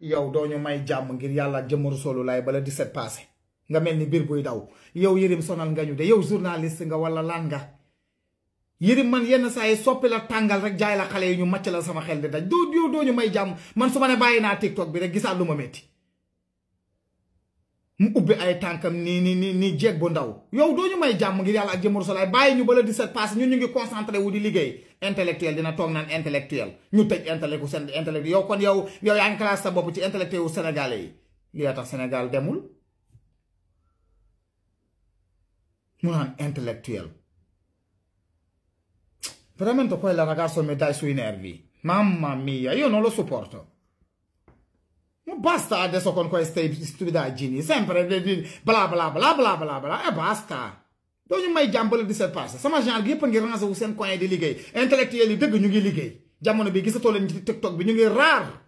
yow doo ñu may jàmm ngir yàlla jëmmu laay bala di 17 passé nga mel ni biir buy daw yow Yérim sonal nga ñu de yow journaliste nga wala lan nga Yérim man yenn saa yi soppi la tàngal rek jaay la xale yi ñu màcc la sama xel di daj doo yow doo ñu may jàmm man su ma ne bàyyi naa TikTok bi rek gisaat lu ma métti mu ubbi ay tànkam nii ni ni nii jeeg bu ndaw yow doo ñu may jàmm ngir yàlla ak jëmor solaay bàyyi ñu bala di set passe ñun ñu ngi concentré wu di liggéey intellectuel dina toog naan intellectuel ñu tëj intellect wu seen intellect yow kon yow yow yaa ngi classe sa bopp ci intellectuel wu sénégalais yi li yaa tax sénégal demul mu naan intellectuel veramente poi la ragazza mi dai sui nervi mamma mia io non lo supporto Basta adesso con queste stupidaggini, sempre bla bla bla bla bla bla e eh, basta. doo ñu may jàmbale di seen paase sama genre gi yëpp ngi rangé wu seen coin di liggéey intellectuel yi dëgg ñu ngi liggéey jamono bi gisatoo leen ci TikTok bi ñu ngi raar.